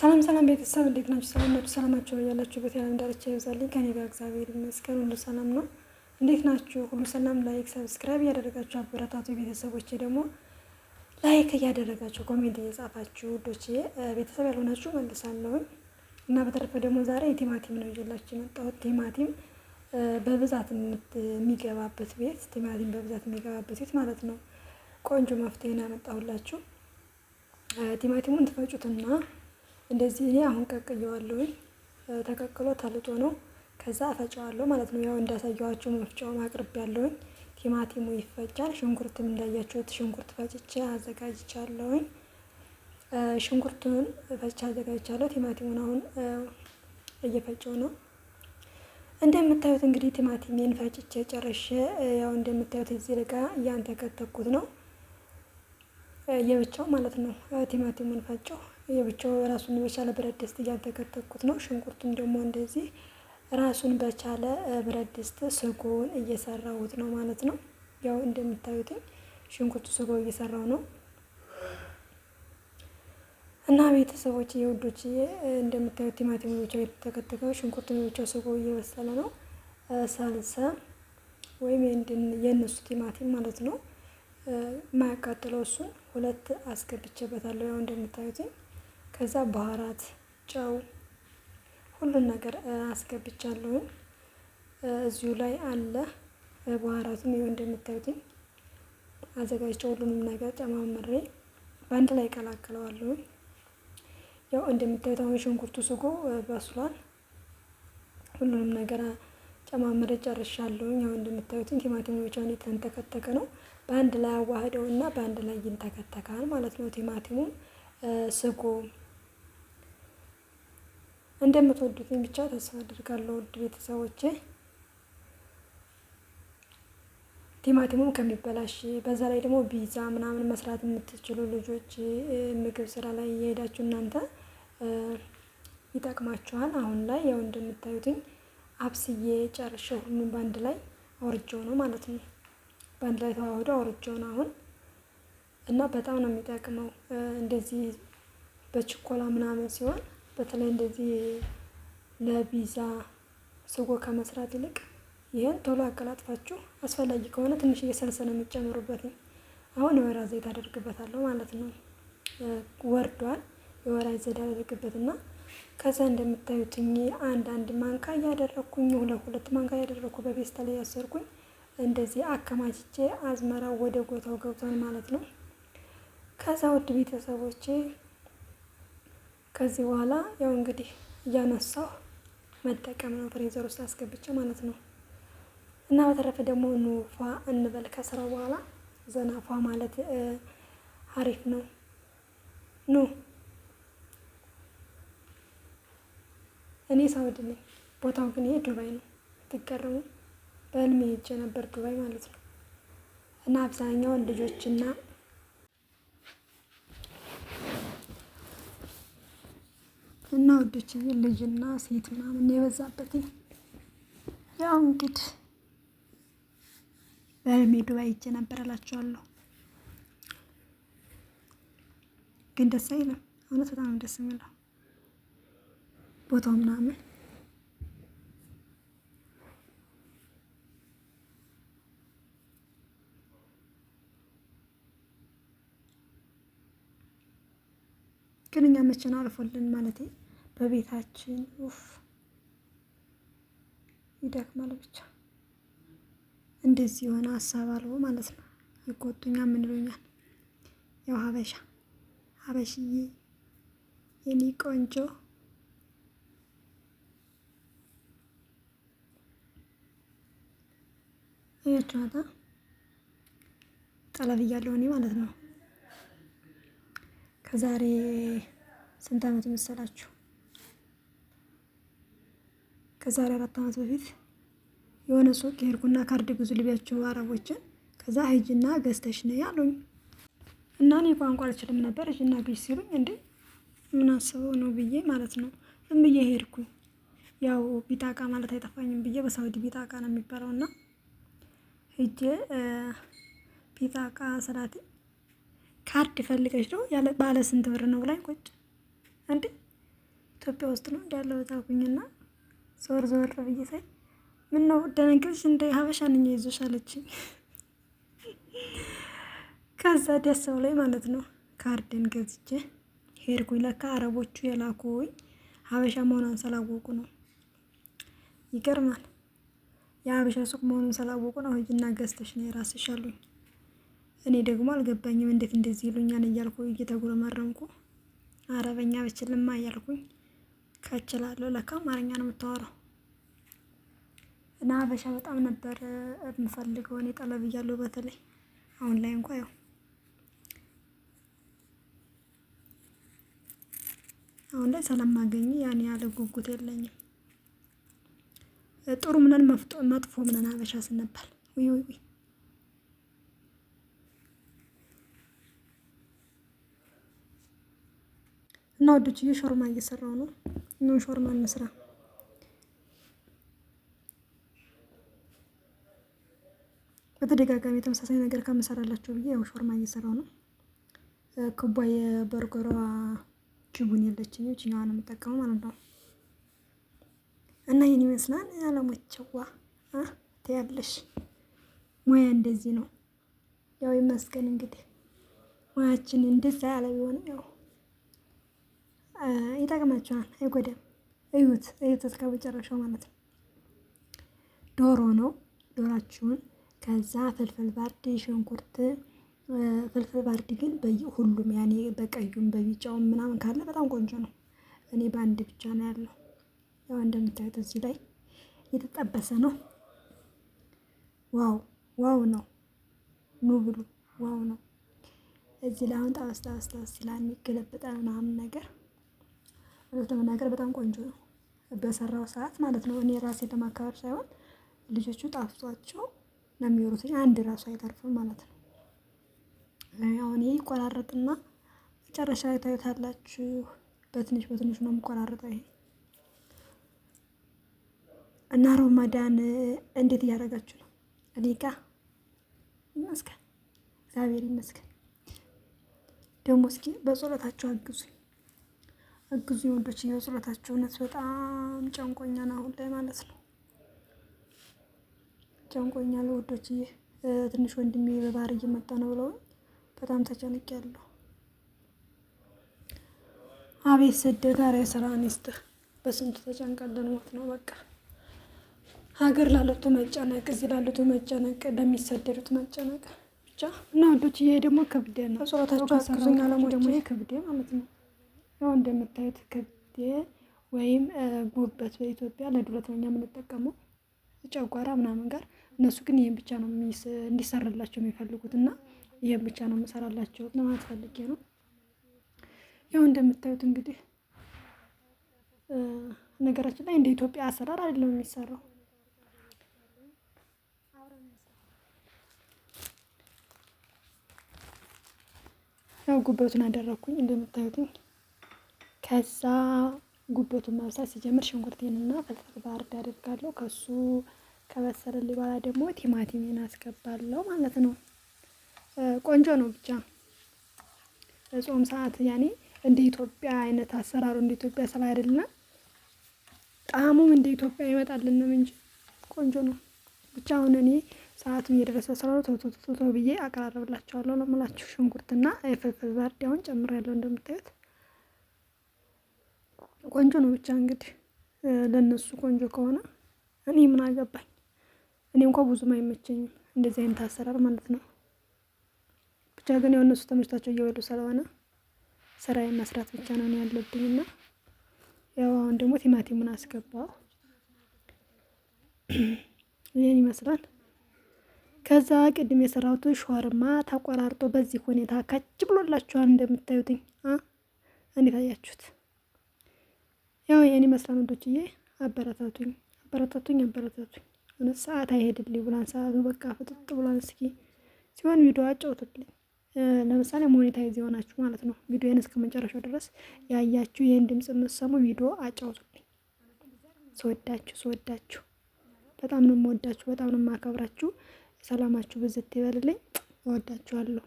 ሰላም ሰላም ቤተሰብ እንዴት ናችሁ? ሰላም ናችሁ? ሰላማችሁ ያላችሁ በተለያዩ ዳርቻ ይብዛልኝ። ከኔ ጋር እግዚአብሔር ይመስገን ሁሉ ሰላም ነው። እንዴት ናችሁ? ሁሉ ሰላም። ላይክ ሰብስክራይብ እያደረጋችሁ አበረታቱ። ቤተሰቦች ደግሞ ላይክ እያደረጋችሁ ኮሜንት እየጻፋችሁ ውዶቼ ቤተሰብ ያልሆናችሁ መልሳለሁኝ እና በተረፈ ደግሞ ዛሬ የቲማቲም ነው ይዤላችሁ የመጣሁት። ቲማቲም በብዛት የሚገባበት ቤት ቲማቲም በብዛት የሚገባበት ቤት ማለት ነው። ቆንጆ መፍትሄ ነው ያመጣሁላችሁ። ቲማቲሙን ትፈጩትና እንደዚህ እኔ አሁን ቀቅየዋለሁኝ። ተቀቅሎ ተልጦ ነው። ከዛ እፈጨዋለሁ ማለት ነው። ያው እንዳሳየዋቸው መፍጫው አቅርብ ያለውኝ ቲማቲሙ ይፈጫል። ሽንኩርትም እንዳያችሁት ሽንኩርት ፈጭቼ አዘጋጅቻለሁኝ። ሽንኩርቱን ፈጭቼ አዘጋጅቻለሁ። ቲማቲሙን አሁን እየፈጨው ነው። እንደምታዩት እንግዲህ ቲማቲሜን ፈጭቼ ጨርሼ ያው እንደምታዩት እዚህ ልጋ እያንተከተኩት ነው የብቻው ማለት ነው። ቲማቲሙን ፈጨው የብቻው ራሱን የቻለ ብረት ድስት እያንተከተኩት ነው። ሽንኩርቱም ደግሞ እንደዚህ ራሱን በቻለ ብረት ድስት ስጎውን እየሰራሁት ነው ማለት ነው። ያው እንደምታዩትኝ ሽንኩርቱ ስጎ እየሰራው ነው እና ቤተሰቦች የውዶች እንደምታዩት ቲማቲም ብቻው የተከተከው ሽንኩርቱ ብቻው ስጎ እየበሰለ ነው። ሳልሰ ወይም የእነሱ ቲማቲም ማለት ነው። የማያቃጥለው እሱን ሁለት አስገብቼበታለሁ ያው እንደምታዩትኝ ከዛ ባህራት፣ ጨው ሁሉን ነገር አስገብቻለሁ። እዚሁ ላይ አለ ባህራቱም ይኸው እንደምታዩትኝ አዘጋጅቼ ሁሉንም ነገር ጨማምሬ በአንድ ላይ ቀላቅለዋለሁ። ያው እንደምታዩት አሁን ሽንኩርቱ ስጎ በስሏል። ሁሉንም ነገር ጨማምሬ ጨርሻለሁ። ያው እንደምታዩት ቲማቲሙ ብቻውን የተንተከተከ ነው። በአንድ ላይ አዋህደው እና በአንድ ላይ ይንተከተካል ማለት ነው። ቲማቲሙም ስጎ እንደምትወዱትኝ ብቻ ተስፋ አድርጋለሁ። ውድ ቤተሰቦቼ ቲማቲሙም ከሚበላሽ በዛ ላይ ደግሞ ቢዛ ምናምን መስራት የምትችሉ ልጆች ምግብ ስራ ላይ እየሄዳችሁ እናንተ ይጠቅማችኋል። አሁን ላይ ያው እንደምታዩትኝ አብስዬ ጨርሼው ሁሉም በአንድ ላይ አውርጄው ነው ማለት ነው። በአንድ ላይ ተዋህዶ አውርጄው ነው አሁን እና በጣም ነው የሚጠቅመው እንደዚህ በችኮላ ምናምን ሲሆን በተለይ እንደዚህ ለቪዛ ስጎ ከመስራት ይልቅ ይህን ቶሎ አቀላጥፋችሁ አስፈላጊ ከሆነ ትንሽ እየሰልሰል የምጨምሩበት። ነው። አሁን የወይራ ዘይት አደርግበታለሁ ማለት ነው። ወርዷል። የወይራ ዘይት አደርግበትና ከዛ እንደምታዩትኝ አንድ አንድ ማንካ እያደረግኩኝ ሁለት ሁለት ማንካ እያደረግኩ በፌስታ ላይ ያሰርኩኝ እንደዚህ አከማችቼ አዝመራው ወደ ጎታው ገብቷል ማለት ነው። ከዛ ውድ ቤተሰቦቼ ከዚህ በኋላ ያው እንግዲህ እያነሳሁ መጠቀም ነው ፍሬዘር ውስጥ አስገብቼ ማለት ነው። እና በተረፈ ደግሞ ኑፋ ፏ እንበል ከስራው በኋላ ዘናፏ ማለት አሪፍ ነው። ኑ እኔ ሳውዲ ነኝ፣ ቦታው ግን ይሄ ዱባይ ነው። ትገረሙ በህልሜ ሄጄ ነበር ዱባይ ማለት ነው። እና አብዛኛውን ልጆችና እና ውዶች ልጅና ሴት ምናምን የበዛበት ያው እንግዲህ በህልሜ ዱባይ ሄጄ ነበር እላቸዋለሁ። ግን ደስ አይልም። እውነት በጣም ደስ የሚለው ቦታው ምናምን ግን እኛ መቼ ነው አልፎልን ማለት በቤታችን ውፍ ይደክማል። ብቻ እንደዚህ የሆነ ሀሳብ አልቦ ማለት ነው። ይቆጡኛ ምን ይሉኛል? ያው ሀበሻ ሀበሽዬ የኔ ቆንጆ ያችኋታ ጠለብ እያለሁ እኔ ማለት ነው ከዛሬ ስንት አመት መሰላችሁ? ከዛሬ አራት ዓመት በፊት የሆነ ሱቅ የሄድኩና ካርድ ግዙ ልቢያቸው አረቦችን ከዛ ሂጂና ገዝተሽ ነይ አሉኝ እና እኔ ቋንቋ አልችልም ነበር። ሂጂና ግዢ ሲሉኝ እንዴ ምን አስበው ነው ብዬ ማለት ነው ዝም ብዬ ሄድኩ። ያው ቢጣቃ ማለት አይጠፋኝም ብዬ በሳውዲ ቢጣቃ ነው የሚባለው እና ሂጄ ቢጣቃ ስላት ካርድ ፈልገሽ ነው ባለ ስንት ብር ነው ብላኝ ቁጭ እንዴ ኢትዮጵያ ውስጥ ነው እንዳለው ታኩኝና ዞር ዞር ብዬ ሳይ ምን ነው ደነገጥሽ እንደ ሀበሻ ነኝ ይዞሽ አለችኝ። ከዛ ደሰው ላይ ማለት ነው ካርድን ገዝቼ ሄድኩኝ። ለካ አረቦቹ የላኩኝ ሀበሻ መሆኗን ስላወቁ ነው። ይገርማል። የሀበሻ ሱቅ መሆኑን ስላወቁ ነው ሂጂና ገዝተሽ ነው የራስሽ አሉኝ። እኔ ደግሞ አልገባኝም እንዴት እንደዚህ ይሉኛል እያልኩ እየተጉረመረምኩ አረበኛ ብችልማ እያልኩኝ ከችላለሁ። ለካ አማርኛ ነው የምታወራው። እና ሀበሻ በጣም ነበር የምፈልገው እኔ ጠለብያለሁ። በተለይ አሁን ላይ እንኳ ያው አሁን ላይ ስለማገኝ ያን ያለ ጉጉት የለኝም። ጥሩ ምነን መጥፎ ምነን ሀበሻ ስንባል ውይ ውይ እና ወዶችዬ ሾርማ እየሰራው ነው። ኑ ሾርማ እንስራ። በተደጋጋሚ ተመሳሳይ ነገር ከምሰራላቸው ብዬ ያው ሾርማ እየሰራው ነው። ክቧ የበርገሯ ጅቡን የለችኝ ችኛዋ ነው የምጠቀመው ማለት ነው። እና ይህን ይመስላል አለሞቸዋ ትያለሽ። ሙያ እንደዚህ ነው። ያው ይመስገን እንግዲህ ሙያችን እንደዛ ያለ ቢሆንም ያው ይጠቅማቸዋል፣ አይጎዳም። እዩት እዩት እስከ መጨረሻው ማለት ነው። ዶሮ ነው። ዶራችሁን። ከዛ ፍልፍል ባርድ፣ ሽንኩርት ፍልፍል ባርድ ግን ሁሉም ያኔ በቀዩም በቢጫውም ምናምን ካለ በጣም ቆንጆ ነው። እኔ በአንድ ብቻ ነው ያለው። ያው እንደምታዩት እዚህ ላይ የተጠበሰ ነው። ዋው ዋው ነው። ኑ ብሉ። ዋው ነው። እዚህ ላይ አሁን ጣውስ ጣውስ ጣውስ ምናምን ነገር እውነት ለመናገር በጣም ቆንጆ ነው። በሰራው ሰዓት ማለት ነው። እኔ ራሴ ለማካበር ሳይሆን ልጆቹ ጣፍቷቸው ነው የሚወሩት። አንድ ራሱ አይተርፍም ማለት ነው። አሁን ይህ ይቆራረጥና መጨረሻ ላይ ታዩታላችሁ። በትንሽ በትንሹ ነው የምቆራረጠው ይሄ እና ሮማዳን እንዴት እያደረጋችሁ ነው? እኔ ጋ ይመስገን፣ እግዚአብሔር ይመስገን። ደግሞ እስኪ በጸሎታችሁ አግዙኝ። እግዙ ወንዶች እየወስረታቸው እውነት በጣም ጨንቆኛል፣ አሁን ላይ ማለት ነው ጨንቆኛል ወንዶች፣ ትንሽ ወንድሜ በባህር እየመጣ ነው ብለው በጣም ተጨንቅ ያለሁ። አቤት ስደት! ኧረ የስራ አንስትህ በስንቱ ተጨንቀልን ሞት ነው በቃ ሀገር ላሉት መጨነቅ፣ እዚህ ላሉት መጨነቅ፣ ለሚሰደዱት መጨነቅ ብቻ እና ወንዶች ይሄ ደግሞ ከብደ ነው ጾታቸው ደግሞ ይሄ ከብደ ማለት ነው። ያው እንደምታዩት ከብቴ ወይም ጉበት በኢትዮጵያ ለድሎት ነው እኛ የምንጠቀመው ጨጓራ ምናምን ጋር እነሱ ግን ይህን ብቻ ነው እንዲሰራላቸው የሚፈልጉት እና ይህን ብቻ ነው የምሰራላቸው ለማለት ፈልጌ ነው። ያው እንደምታዩት እንግዲህ ነገራችን ላይ እንደ ኢትዮጵያ አሰራር አይደለም የሚሰራው። ያው ጉበቱን አደረግኩኝ እንደምታዩትኝ ከዛ ጉቦቱን መብሳት ሲጀምር ሽንኩርቴንና ፍልፍል ባርድ አደርጋለሁ። ከሱ ከበሰለልኝ በኋላ ደግሞ ቲማቲሜን አስገባለሁ ማለት ነው። ቆንጆ ነው ብቻ በጾም ሰዓት ያኔ እንደ ኢትዮጵያ አይነት አሰራሩ እንደ ኢትዮጵያ ስላ አይደለም፣ ጣዕሙም እንደ ኢትዮጵያ ይመጣልንም እንጂ ቆንጆ ነው ብቻ። አሁን እኔ ሰዓቱ እየደረሰ ስለሆነ ቶቶቶቶ ብዬ አቀራረብላቸዋለሁ ነው የምላችሁ። ሽንኩርትና ፍልፍል ባርድ አሁን ጨምሬያለሁ እንደምታዩት ቆንጆ ነው። ብቻ እንግዲህ ለነሱ ቆንጆ ከሆነ እኔ ምን አገባኝ። እኔ እንኳ ብዙም አይመቸኝም እንደዚህ አይነት አሰራር ማለት ነው። ብቻ ግን ያው እነሱ ተመችቷቸው እየበሉ ስለሆነ ስራዬን መስራት ብቻ ነው ያለብኝና ያው አሁን ደግሞ ቲማቲሙን አስገባው። ይህን ይመስላል። ከዛ ቅድም የሰራሁት ሸርማ ተቆራርጦ በዚህ ሁኔታ ከች ብሎላችኋል እንደምታዩትኝ። እንዴት አያችሁት? ያው የእኔ መስላ ወንዶችዬ አበረታቱኝ፣ አበረታቱኝ፣ አበረታቱኝ። እውነት ሰዓት አይሄድልኝ ብላን ሰዓቱ በቃ ፍጥጥ ብሏን። እስኪ ሲሆን ቪዲዮ አጫውትልኝ። ለምሳሌ ሞኔታይዝ የሆናችሁ ማለት ነው። ቪዲዮን እስከ መጨረሻው ድረስ ያያችሁ ይህን ድምፅ የምትሰሙ ቪዲዮ አጫውቱልኝ። ስወዳችሁ ስወዳችሁ በጣም ነው የምወዳችሁ፣ በጣም ነው የማከብራችሁ። ሰላማችሁ ብዝት ይበልልኝ። እወዳችኋለሁ።